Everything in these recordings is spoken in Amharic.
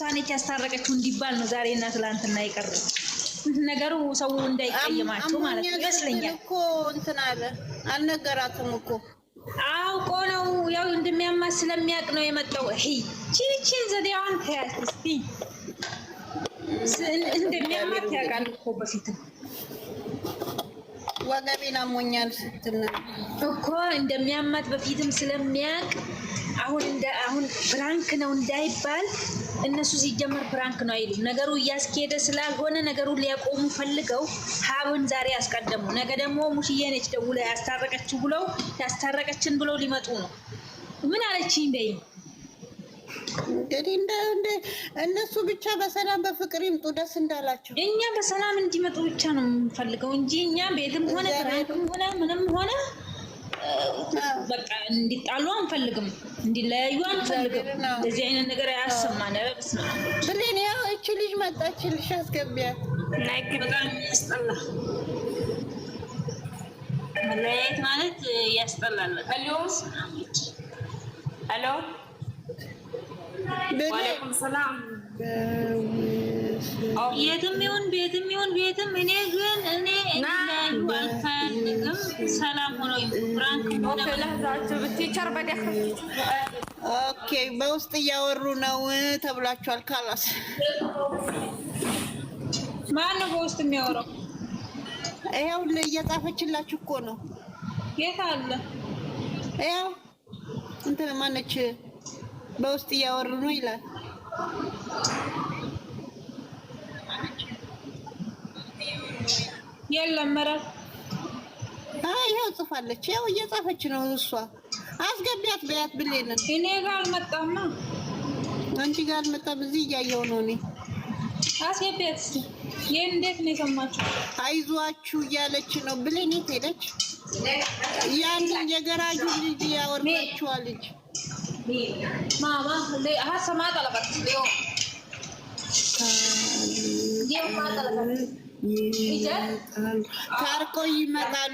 ሳኔት ያስታረቀችው እንዲባል ነው። ዛሬ እና ትላንትና ይቀር ነገሩ ሰው እንዳይቀየማቸው ማለት ነው ይመስለኛል እኮ እንትን አለ አልነገራትም እኮ አውቆ ነው ያው እንደሚያማ ስለሚያውቅ ነው የመጣው። ይሄ ቺቺን ዘዴዋን ታያት እስቲ እንደሚያማት ያውቃል እኮ በፊትም ወገቤን አሞኛል ስትል እኮ እንደሚያማት በፊትም ስለሚያውቅ አሁን አሁን ብራንክ ነው እንዳይባል እነሱ ሲጀመር ብራንክ ነው አይሉም። ነገሩ እያስኬደ ስላልሆነ ነገሩን ሊያቆሙ ፈልገው ሀብን ዛሬ ያስቀደሙ፣ ነገ ደግሞ ሙሽዬ ነች ደውላ ያስታረቀችው ብለው ያስታረቀችን ብለው ሊመጡ ነው። ምን አለችኝ በይ እንግዲህ እነሱ ብቻ በሰላም በፍቅር ይምጡ፣ ደስ እንዳላቸው። እኛ በሰላም እንዲመጡ ብቻ ነው የምንፈልገው እንጂ እኛ ቤትም ሆነ ብራንክም ሆነ ምንም ሆነ በቃ እንዲጣሉ አንፈልግም፣ እንዲለያዩ አንፈልግም። እንደዚህ አይነት ነገር አያሰማን። ብሌን ያው እቺ ልጅ ልሽ አስገቢያት። በጣም ያስጠላ መለያየት ማለት ያስጠላል። ሄሎ የትም ይሁን ቤትም ይሁን ቤትም እኔ ግን እኔ ሰላም ኦኬ። በውስጥ እያወሩ ነው ተብላችኋል። ካላስ ማነው በውስጥ የሚያወራው? ይኸው እየጻፈችላችሁ እኮ ነው። የት አለ? ይኸው እንትን ማነች በውስጥ እያወሩ ነው ይላል። የለመረ ኧረ ይኸው ጽፋለች። ያው እየጻፈች ነው እሷ። አስገቢያት በያት ብሌንን። እኔ ጋር አልመጣማ፣ አንቺ ጋር አልመጣም። እዚህ እያየሁ ነው እኔ። አስገቢያት እስኪ። ይህን እንዴት ነው የሰማችሁ? አይዟችሁ እያለች ነው ብሌን። የት ሄደች? ያንን የገራጁ ልጅ ያወርዳችኋል ልጅ Mama, de, ajá, samata la canción. Dios mata la canción. ታርቆ ይመጣሉ።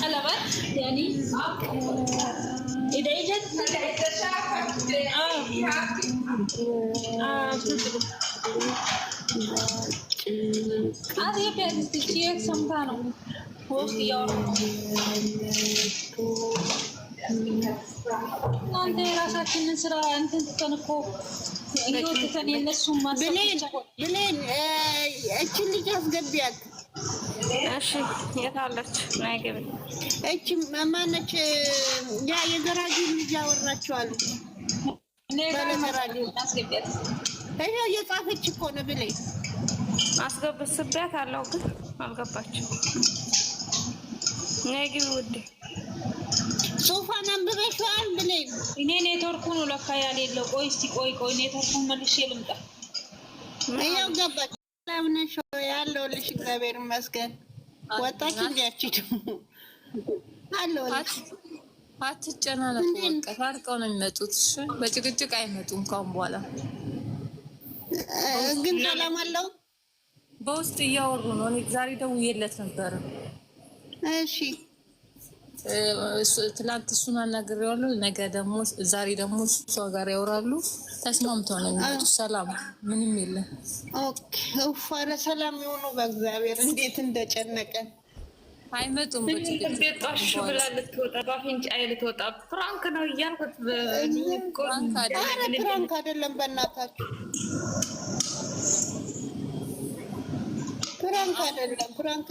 ቀለበት ያኔ ኢደይጀት አትየት ያስስቺ ሰምታ ነው ውስጥ እያወራ እናንተ የራሳችንን ስራ እንትን ትተን እኮ እየወጥተን የነሱን ማሰብብሌን እችን ልጅ አስገቢያት። እሺ የት አለች? ናይገብ እች ማነች? ያ የዘራጊ ልጅ ያወራቸዋል። ይኸው የጻፈች እኮ ነው ብሌ አስገብስቢያት አለው፣ ግን አልገባችም። ናይገብ ውዴ ጽሑፏን አንብበሽዋል? ብለኝ እኔ ኔትወርኩ ነው ለካ ያሌለው። ቆይ እስኪ ቆይ ቆይ ኔትወርኩን መልሼ ልምጣ። ይኸው ገባች። ሰላም ነሽ አለሁልሽ። እግዚአብሔር ይመስገን። ወጣች እንዲያችድ አለሁልሽ። አትጨናነቁ። ታርቀው ነው የሚመጡት። በጭቅጭቅ አይመጡም ካሁን በኋላ ግን ሰላም አለው። በውስጥ እያወሩ ነው። ዛሬ ደውዬለት ነበረ። እሺ ትላንት እሱን አናግሬዋለሁ። ነገ ደግሞ ዛሬ ደግሞ እሷ ጋር ያወራሉ። ተስማምተው ነው ሰላም ምንም የለም። ኦኬ ሰላም የሆኑ በእግዚአብሔር እንዴት እንደጨነቀን አይመጡም። ብላ ልትወጣ ልትወጣ ፍራንክ ነው እያልኩት፣ ፍራንክ አይደለም። በእናታችሁ ፍራንክ አይደለም። ፍራንክ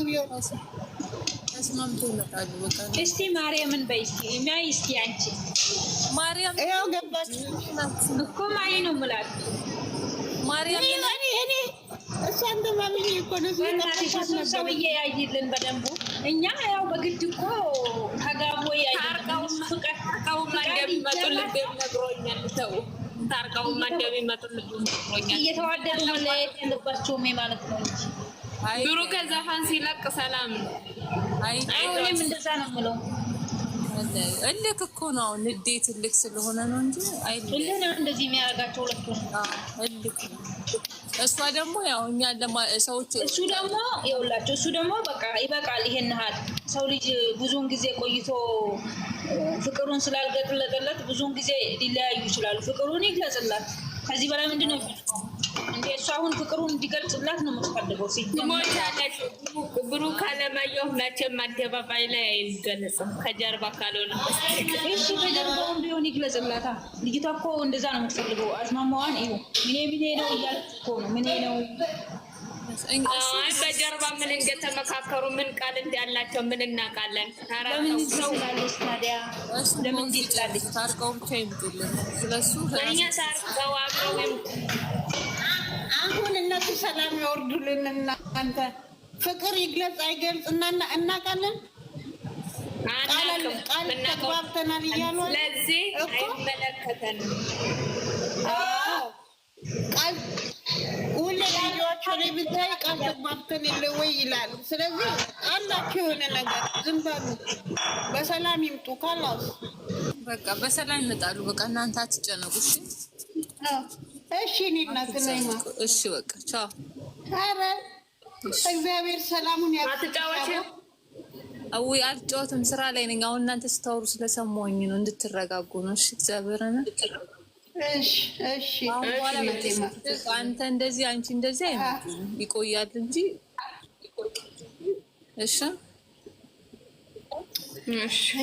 ተስማምቶ ይመጣሉ። እስቲ ማርያምን በይ እስቲ እስቲ አንቺ ማርያም ያው ገባች እኮ ማይ ነው ሙላት ሰውዬ ያይልን በደንቡ እኛ ያው በግድ እኮ ተጋቦ ታርቀውማ እንደሚመጡልብ ነግሮኛል። ነግሮኛል። እየተዋደዱ መለያየት የለባቸውም ማለት ነው እንጂ ድሮ ከዘፈን ሲለቅ ሰላም ነው። እንደዛ ነው የምለው። እልክ እኮ ነው ንዴት እልክ ስለሆነ ነው እንጂ እልህ ነው እንደዚህ የሚያደርጋቸው ሁለቱ እልክ። እሷ ደግሞ ያው እኛ ሰዎች እሱ ደግሞ ይኸውላቸው እሱ ደግሞ በቃ ይበቃል። ይሄን ያህል ሰው ልጅ ብዙውን ጊዜ ቆይቶ ፍቅሩን ስላልገለጠለት ብዙውን ጊዜ ሊለያዩ ይችላሉ። ፍቅሩን ይግለጽላት። ከዚህ በላይ ምንድን ነው? እንደ እሱ አሁን ፍቅሩን እንዲገልጽላት ነው የምትፈልገው። ሲሞታለች ብሩክ አለማየሁ መቼም አደባባይ ላይ አይገለጽም፣ ከጀርባ ካልሆነ እሺ፣ ከጀርባውን ቢሆን ይግለጽላታ። ልጅቷ እኮ እንደዛ ነው የምትፈልገው። አዝማማዋን ይሁ ምኔ ምኔ ነው እያልኩ እኮ ነው ምኔ ነው በጀርባ ምን እንደተመካከሩ ምን ቃል እንዳላቸው ምን እናውቃለን። ለምን ሰው ታዲያ ለምን ታርቀው ብቻ ይምጡልን። ስለሱ እነሱ ሰላም ያወርዱልን። እናንተ ፍቅር ይግለጽ አይገልጽ እና እናቃለን ቃል ተግባብተናል እያሉ ለዚህ አይመለከተንም። ቃል ሁሌ ልጆቹ ብታይ ቃል ተግባብተን የለ ወይ ይላሉ። ስለዚህ አላቸው የሆነ ነገር ዝም በሉ፣ በሰላም ይምጡ። ካላስ በቃ በሰላም ይመጣሉ። በቃ እናንተ አትጨነቁ እሺ። እሺ እኔና ስናይማ እሺ፣ በቃ ቻው። ኧረ እግዚአብሔር ሰላሙን ያጫዋቸው። አዊ አልጫወትም፣ ስራ ላይ ነኝ። አሁን እናንተ ስታወሩ ስለሰማኝ ነው፣ እንድትረጋጉ ነው። እሺ፣ እግዚአብሔርን አንተ እንደዚህ አንቺ እንደዚህ አይ ይቆያል እንጂ እሺ።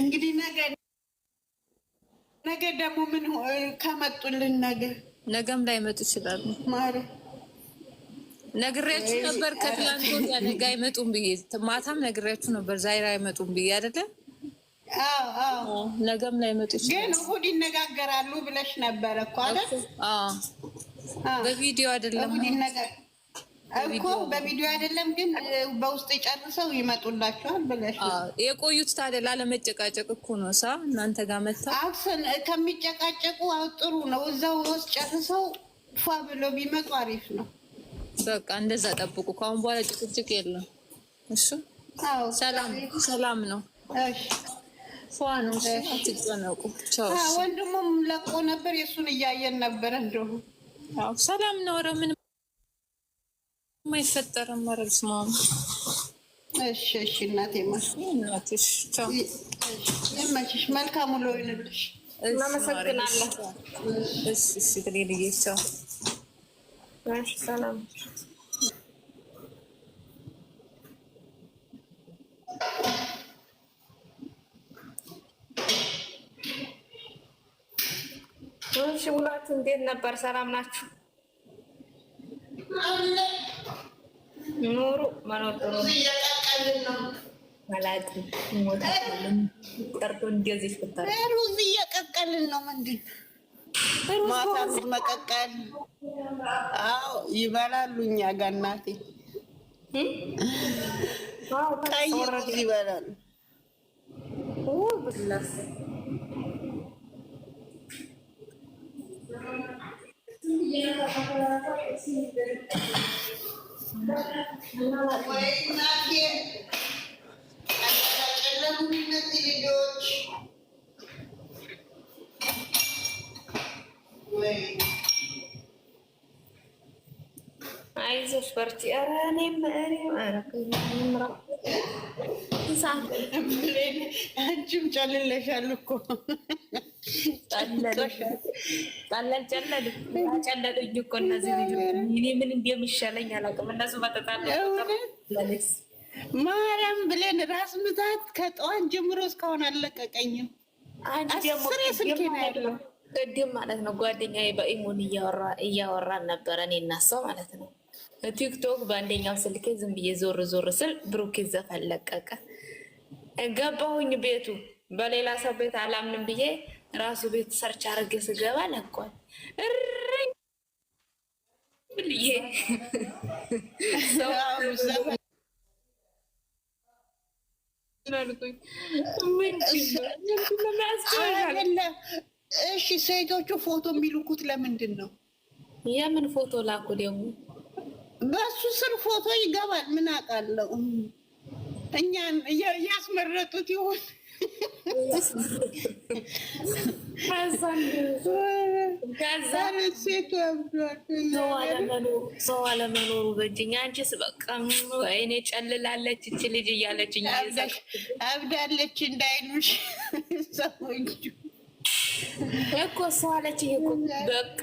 እንግዲህ ነገ ነገ ደግሞ ምን ከመጡልን ነገር ነገም ላይ መጡ ይችላሉ። ነግሬያችሁ ነበር ከትላንት ወዲያ ነገ አይመጡም ብዬ ማታም ነግሬያችሁ ነበር። ዛይራ አይመጡም ብዬ አይደለም። ነገም ላይ መጡ ይችላል። ግን እሑድ ይነጋገራሉ ብለሽ ነበረ እኮ አይደል? በቪዲዮ አይደለም እኮ በቪዲዮ አይደለም ግን በውስጥ ጨርሰው ይመጡላቸዋል ብለሽ የቆዩት ታዲያ ላለመጨቃጨቅ እኮ ነው። ሳ እናንተ ጋር መታ አብሰን ከሚጨቃጨቁ ጥሩ ነው። እዛው ውስጥ ጨርሰው ፏ ብሎ ቢመጡ አሪፍ ነው። በቃ እንደዛ ጠብቁ። ከአሁን በኋላ ጭቅጭቅ የለም። እሱ ሰላም ሰላም ነው። እሺ ፏ ነው። አትጨነቁ። ወንድሙም ለቆ ነበር የእሱን እያየን ነበር። እንደሁ ሰላም ነው። ኧረ የማይፈጠርም መረብ ስማ። እሺ፣ እሺ እናቴ እናትሽ የመችሽ መልካም ውሎ ይሁንልሽ። እናመሰግናለን። እሺ፣ እሺ ትግሬ ልዬቸው ሰላም እሺ። ውላት እንዴት ነበር? ሰላም ናችሁ? ኑሩ መኖር ጥሩ ጠርቶ ሩዝ እየቀቀልን ነው። ምንድን ማሳዝ መቀቀል? አዎ ይበላሉ። እኛ ጋር እናቴ ቀይ ሩዝ ይበላሉ። እነዚህ ልጆች አይዞሽ በርቺ። ኧረ እኔም አንቺም ጨልለሻል እኮ ጣላን ጨለድ ጨለዶኝ እኮ እነዚህ ልጆች እኔ ምን እንደሚሻለኝ አላውቅም። እነሱ በተጣለ ማርያም ብለን ራስ ምታት ከጠዋን ጀምሮ እስካሁን አለቀቀኝም። አስሬ ስልኬ ነው ያለው። ቅድም ማለት ነው ጓደኛዬ በኢሙን እያወራን ነበረ፣ እኔ እና እሷ ማለት ነው። ቲክቶክ በአንደኛው ስልኬ ዝም ብዬ ዞር ዞር ስል ብሩክ ዘፈን ለቀቀ። ገባሁኝ ቤቱ በሌላ ሰው ቤት አላምንም ብዬ ራሱ ቤት ሰርች አድርጌ ስገባ ለቋል። እሺ ሴቶቹ ፎቶ የሚልኩት ለምንድን ነው? የምን ፎቶ ላኩ ደግሞ? በእሱ ስር ፎቶ ይገባል። ምን አውቃለሁ እኛን እያስመረጡት ይሆን? ሰው አለመኖሩ በእጅኛ አንቺስ በቃ እኔ ጨልላለች እች ልጅ እያለች አብዳለች እንዳይሉሽ ሰዎች እኮ ሰው አለች በቃ